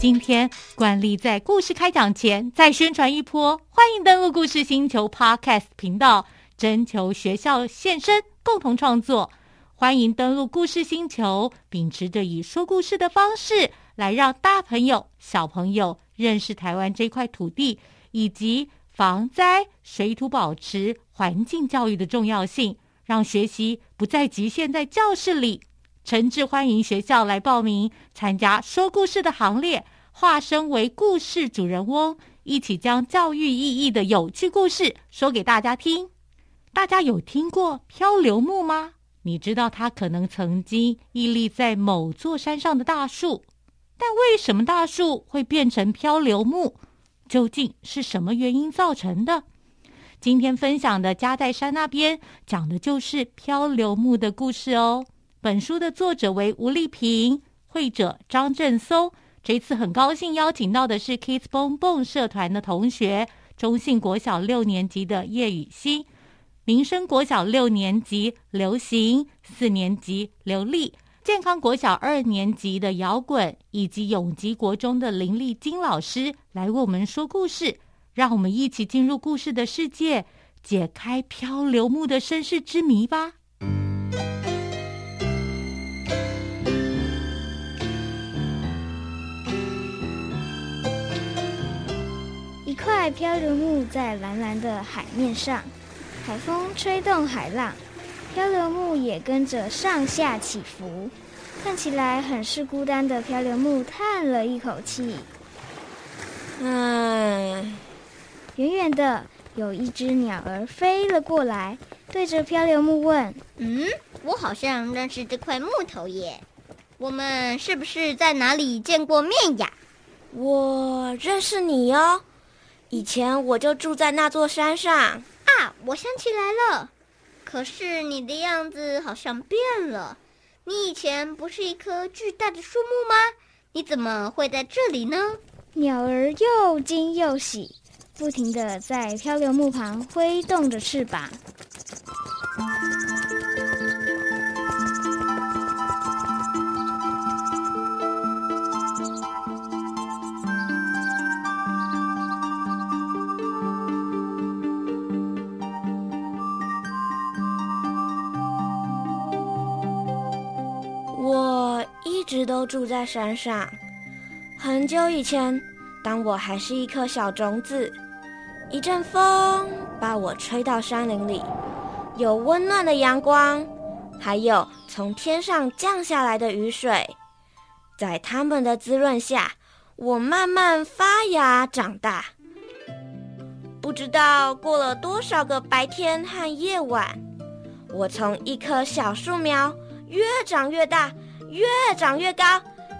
今天，慣例在故事開講前再宣傳一波。歡迎登錄故事星球 Podcast 頻道，徵求學校現身共同創作。歡迎登錄故事星球，秉持着以說故事的方式來讓大朋友、小朋友認識台灣這塊土地，以及防災、水土保持、環境教育的重要性，讓學習不再侷限在教室裡。誠摯歡迎學校來報名參加說故事的行列，化身為故事主人翁，一起將教育意義的有趣故事說給大家聽。大家有聽過漂流木嗎？你知道它可能曾經屹立在某座山上的大樹，但為什麼大樹會變成漂流木？究竟是什麼原因造成的？今天分享的家在山那邊，講的就是漂流木的故事哦。本書的作者為吳立萍，繪者張振松。這次很高興邀請到的是 Kids bonbon 社團的同學：中信國小六年級的葉宇忻、民生國小六年級劉行、四年級劉立、健康國小二年級的姚袞，以及永吉國中的林麗菁老師來為我們說故事。讓我們一起進入故事的世界，解開漂流木的身世之謎吧。漂流木在藍藍的海面上，海風吹動海浪，漂流木也跟着上下起伏，看起來很是孤單的漂流木嘆了一口氣：“唉。”遠遠的有一隻鳥兒飛了過來，對着漂流木問：“嗯，我好像認識這塊木頭耶，我們是不是在哪裡見過面呀？”“我認識你喲。”以前我就住在那座山上啊！我想起來了，可是你的樣子好像變了。你以前不是一棵巨大的樹木嗎？你怎麼會在這裡呢？鳥兒又驚又喜，不停地在漂流木旁揮動着翅膀。住在山上。很久以前，當我還是一顆小種子，一陣風把我吹到山林裡，有溫暖的陽光，還有從天上降下來的雨水，在它們的滋潤下，我慢慢發芽長大。不知道過了多少個白天和夜晚，我從一棵小樹苗越長越大。越長越高，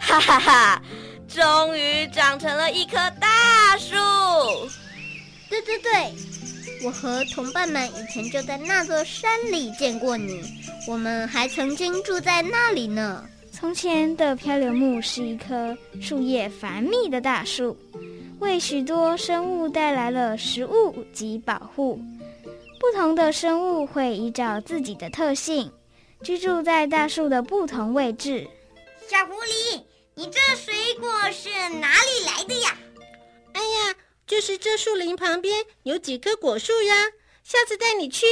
哈哈哈哈！終於長成了一棵大樹。對對對，我和同伴們以前就在那座山裡見過你，我們還曾經住在那裡呢。從前的漂流木是一棵樹葉繁密的大樹，為許多生物帶來了食物及保護。不同的生物會依照自己的特性。居住在大樹的不同位置。小狐狸，你這水果是哪裡來的呀？哎呀，就是這樹林旁邊有幾棵果樹呀，下次帶你去。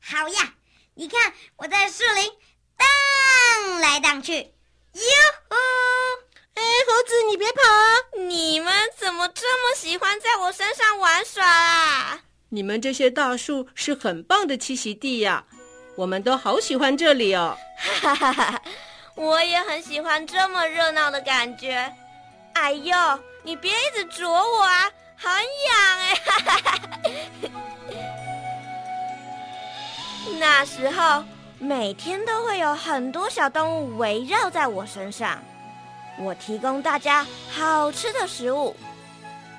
好呀，你看我在樹林盪來盪去，喲吼，哎，猴子，你別跑啊！你們怎麼這麼喜歡在我身上玩耍啊？你們這些大樹是很棒的棲息地呀。我們都好喜歡這裡哦，哈哈哈哈，我也很喜歡這麼熱鬧的感覺。哎呦，你別一直啄我啊，很癢哎。 那時候每天都會有很多小動物圍繞在我身上，我提供大家好吃的食物，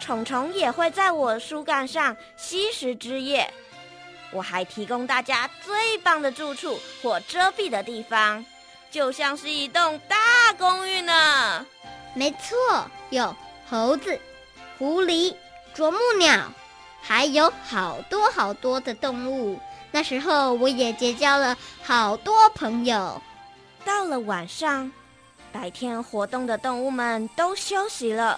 蟲蟲也會在我樹幹上吸食汁液。我還提供大家最棒的住處或遮蔽的地方，就像是一棟大公寓呢。沒錯，有猴子、狐狸、啄木鳥，還有好多好多的動物。那時候我也結交了好多朋友。到了晚上，白天活動的動物們都休息了，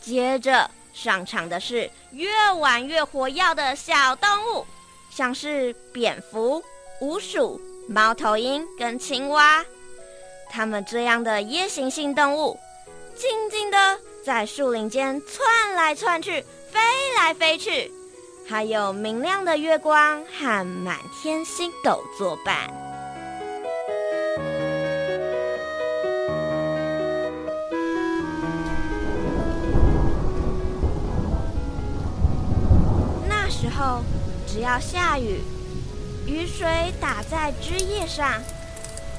接着上場的是越晚越活躍的小動物。像是蝙蝠、鼯鼠、貓頭鷹跟青蛙，它們這樣的夜行性動物，靜靜的在樹林間竄來竄去、飛來飛去，還有明亮的月光和滿天星斗作伴。那時候。只要下雨，雨水打在枝葉上，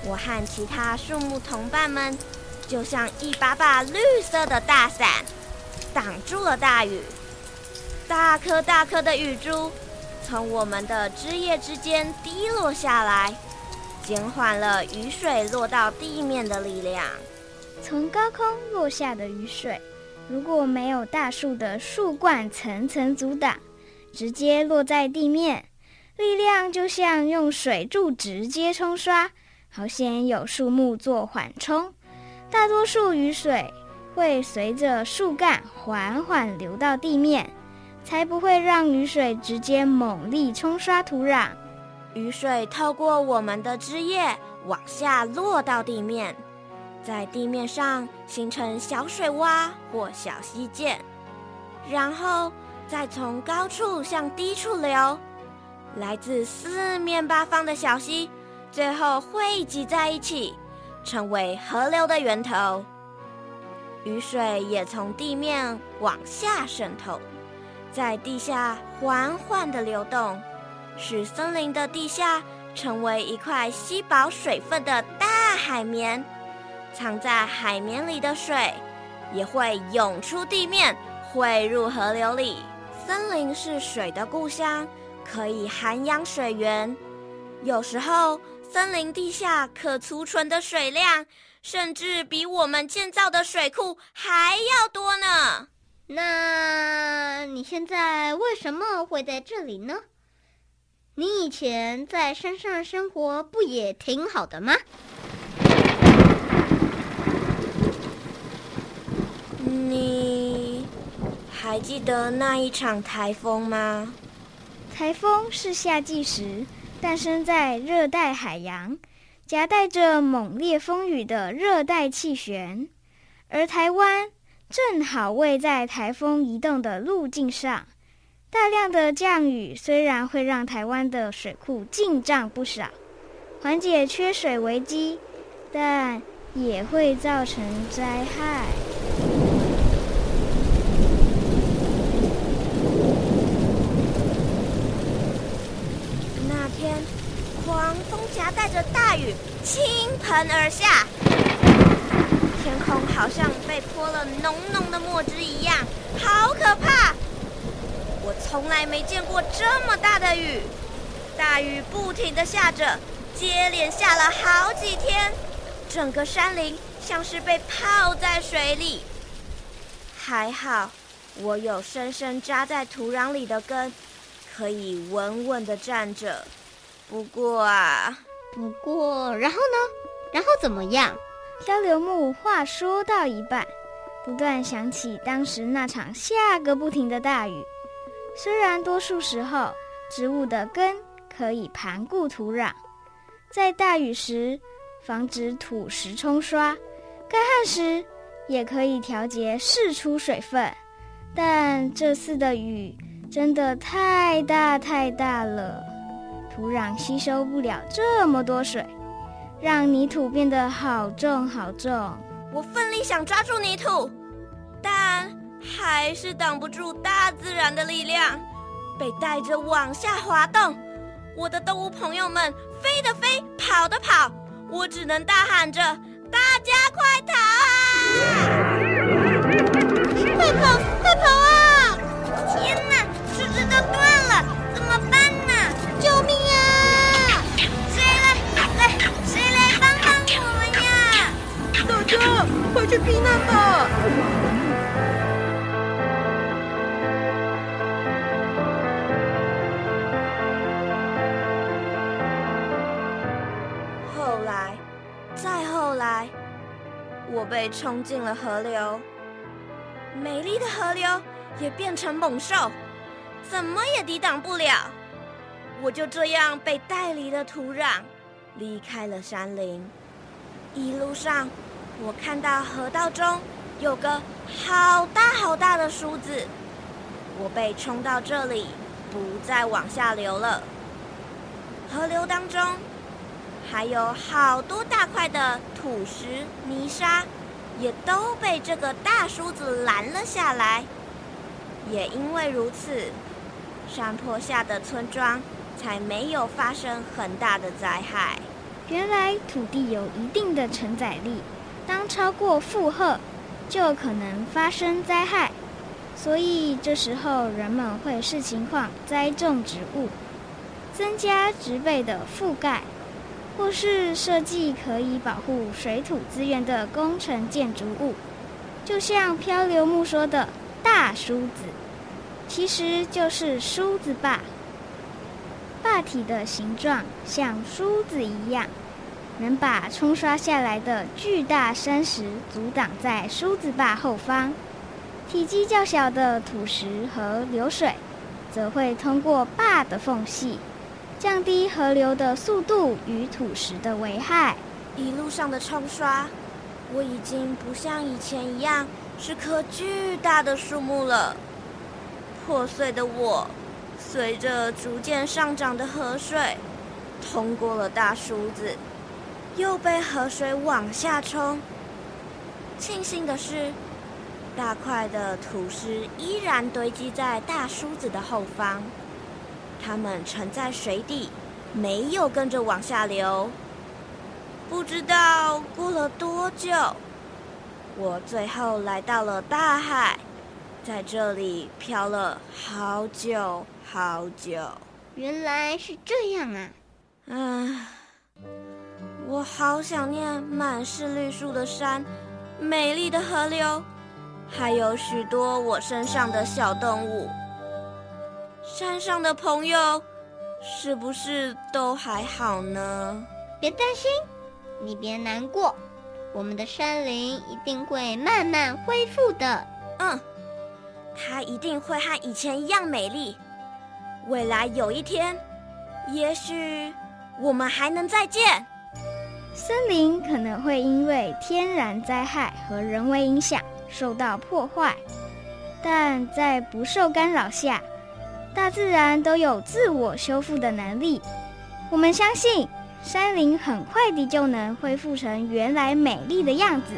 我和其他樹木同伴們就像一把把綠色的大傘，擋住了大雨。大顆大顆的雨珠從我們的枝葉之間滴落下來，減緩了雨水落到地面的力量。從高空落下的雨水，如果沒有大樹的樹冠層層阻擋，直接落在地面，力量就像用水柱直接沖刷，好險有樹木做緩衝。大多數雨水會隨着樹幹緩緩流到地面，才不會讓雨水直接猛力沖刷土壤。雨水透過我們的枝葉往下落到地面，在地面上形成小水窪或小溪澗，然後，再從高處向低處流，來自四面八方的小溪，最後匯集在一起，成為河流的源頭。雨水也從地面往下滲透，在地下緩緩地流動，使森林的地下成為一塊吸飽水分的大海綿。藏在海綿裡的水，也會湧出地面，匯入河流裡。森林是水的故鄉，可以涵養水源。有時候，森林地下可儲存的水量，甚至比我們建造的水庫還要多呢。那你現在為什麼會在這裡呢？你以前在山上生活不也挺好的嗎？你。還記得那一場台風嗎？台風是夏季時誕生在熱帶海洋、夾帶着猛烈風雨的熱帶氣旋，而台灣正好位在台風移動的路徑上。大量的降雨雖然會讓台灣的水庫進賬不少，緩解缺水危機，但也會造成災害。夾帶着大雨傾盆而下，天空好像被潑了濃濃的墨汁一樣，好可怕！我從來沒見過這麼大的雨，大雨不停地下着，接連下了好幾天，整個山林像是被泡在水裡。還好，我有深深紮在土壤裡的根，可以穩穩地站着。不過啊，不過，然後呢？然後怎麼樣？漂流木話說到一半，不斷想起當時那場下個不停的大雨。雖然多數時候植物的根可以盤固土壤，在大雨時防止土石沖刷，乾旱時也可以調節釋出水分，但這次的雨真的太大太大了。土壤吸收不了這麼多水，讓泥土變得好重好重。我奮力想抓住泥土，但還是擋不住大自然的力量，被帶着往下滑動。我的動物朋友們，飛的飛，跑的跑，我只能大喊着：“大家快逃啊！Yeah. 快跑，快跑啊！”快去避難吧。後來，再後來，我被沖進了河流。美麗的河流也變成猛獸，怎麼也抵擋不了。我就這樣被帶離了土壤，離開了山林，一路上。我看到河道中有個好大好大的梳子，我被沖到這裡，不再往下流了。河流當中還有好多大塊的土石泥沙，也都被這個大梳子攔了下來。也因為如此，山坡下的村莊才沒有發生很大的災害。原來土地有一定的承載力。當超過負荷，就可能發生災害，所以這時候人們會視情況栽種植物，增加植被的覆蓋，或是設計可以保護水土資源的工程建築物。就像漂流木說的“大梳子”，其實就是梳子壩。壩體的形狀像梳子一樣。能把沖刷下來的巨大山石阻擋在梳子壩後方，體積較小的土石和流水，則會通過壩的縫隙，降低河流的速度與土石的危害。一路上的沖刷，我已經不像以前一樣是棵巨大的樹木了。破碎的我，隨着逐漸上漲的河水，通過了大梳子。又被河水往下沖。慶幸的是，大塊的土石依然堆積在大梳子的後方，它們沉在水底，沒有跟着往下流。不知道過了多久，我最後來到了大海，在這裡漂了好久好久。原來是這樣啊！啊、呃。我好想念滿是綠樹的山，美麗的河流，還有許多我身上的小動物。山上的朋友，是不是都還好呢？別擔心，你別難過，我們的山林一定會慢慢恢復的。嗯，它一定會和以前一樣美麗。未來有一天，也許我們還能再見。森林可能會因為天然災害和人為影響受到破壞，但在不受干擾下，大自然都有自我修復的能力。我們相信，山林很快地就能恢復成原來美麗的樣子。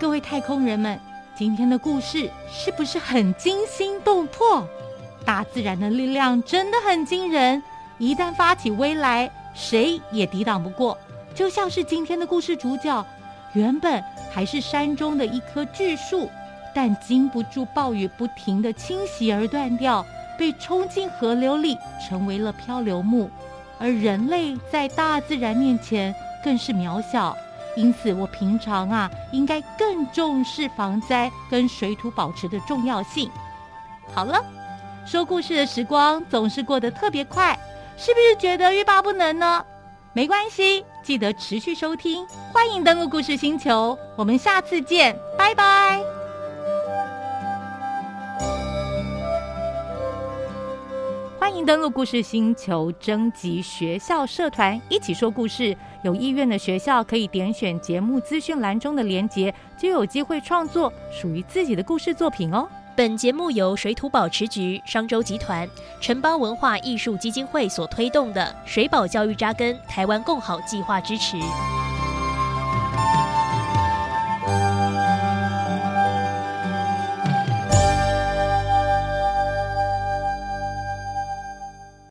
各位太空人們，今天的故事是不是很驚心動魄？大自然的力量真的很驚人，一旦發起威來，誰也抵擋不過。就像是今天的故事主角，原本還是山中的一棵巨樹，但經不住暴雨不停的侵襲而斷掉，被沖進河流裡，成為了漂流木。而人類在大自然面前更是渺小，因此我平常啊，應該更重視防災跟水土保持的重要性。好了。說故事的時光總是過得特別快，是不是覺得欲罷不能呢？沒關係，記得持續收聽，歡迎登陸故事星球，我們下次見，拜拜！歡迎登陸故事星球，徵集學校社團一起說故事，有意願的學校可以點選節目資訊欄中的連結，就有機會創作屬於自己的故事作品哦。本節目由水土保持局、商周集團、城邦文化藝術基金會所推動的“水保教育扎根台灣共好計劃”支持。